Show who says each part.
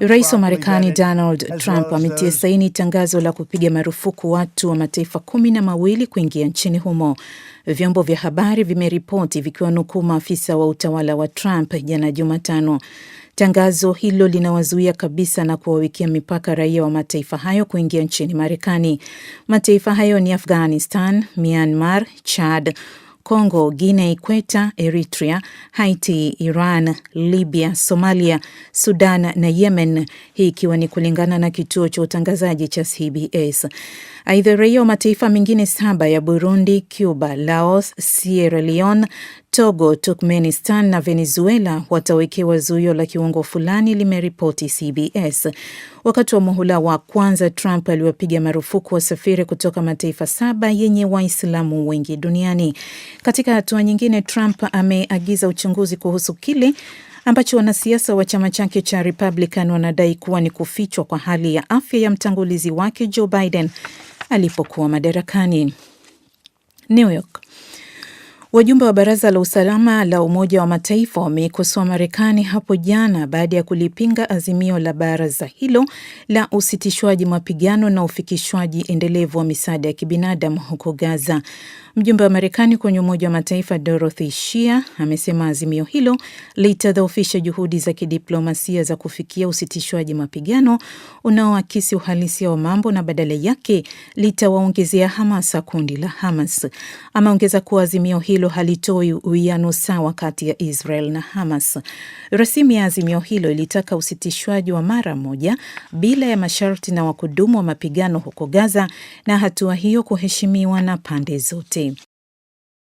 Speaker 1: Rais wa
Speaker 2: Marekani Donald Trump ametia saini tangazo la kupiga marufuku watu wa mataifa kumi na mawili kuingia nchini humo. Vyombo vya habari vimeripoti vikiwanukuu maafisa wa utawala wa Trump jana Jumatano. Tangazo hilo linawazuia kabisa na kuwawekia mipaka raia wa mataifa hayo kuingia nchini Marekani. Mataifa hayo ni Afghanistan, Myanmar, Chad, Congo, Guinea Equeta, Eritrea, Haiti, Iran, Libya, Somalia, Sudan na Yemen, hii ikiwa ni kulingana na kituo cha utangazaji cha CBS. Aidha, raia wa mataifa mengine saba ya Burundi, Cuba, Laos, Sierra Leone, Togo, Turkmenistan na Venezuela watawekewa zuio la kiwango fulani, limeripoti CBS. Wakati wa muhula wa kwanza, Trump aliwapiga marufuku wasafiri kutoka mataifa saba yenye Waislamu wengi duniani. Katika hatua nyingine, Trump ameagiza uchunguzi kuhusu kile ambacho wanasiasa wa chama chake cha Republican wanadai kuwa ni kufichwa kwa hali ya afya ya mtangulizi wake Joe Biden alipokuwa madarakani. New York. Wajumbe wa Baraza la Usalama la Umoja wa Mataifa wameikosoa Marekani hapo jana baada ya kulipinga azimio la baraza hilo la usitishwaji mapigano na ufikishwaji endelevu wa misaada ya kibinadamu huko Gaza. Mjumbe wa Marekani kwenye Umoja wa Mataifa Dorothy Shia amesema azimio hilo litadhoofisha juhudi za kidiplomasia za kufikia usitishwaji mapigano unaoakisi uhalisia wa mambo na badala yake litawaongezea hamasa kundi la Hamas. Ameongeza kuwa azimio hilo hilo halitoi uwiano sawa kati ya Israel na Hamas. Rasimu ya azimio hilo ilitaka usitishwaji wa mara moja bila ya masharti na wakudumu wa mapigano huko Gaza, na hatua hiyo kuheshimiwa na pande zote.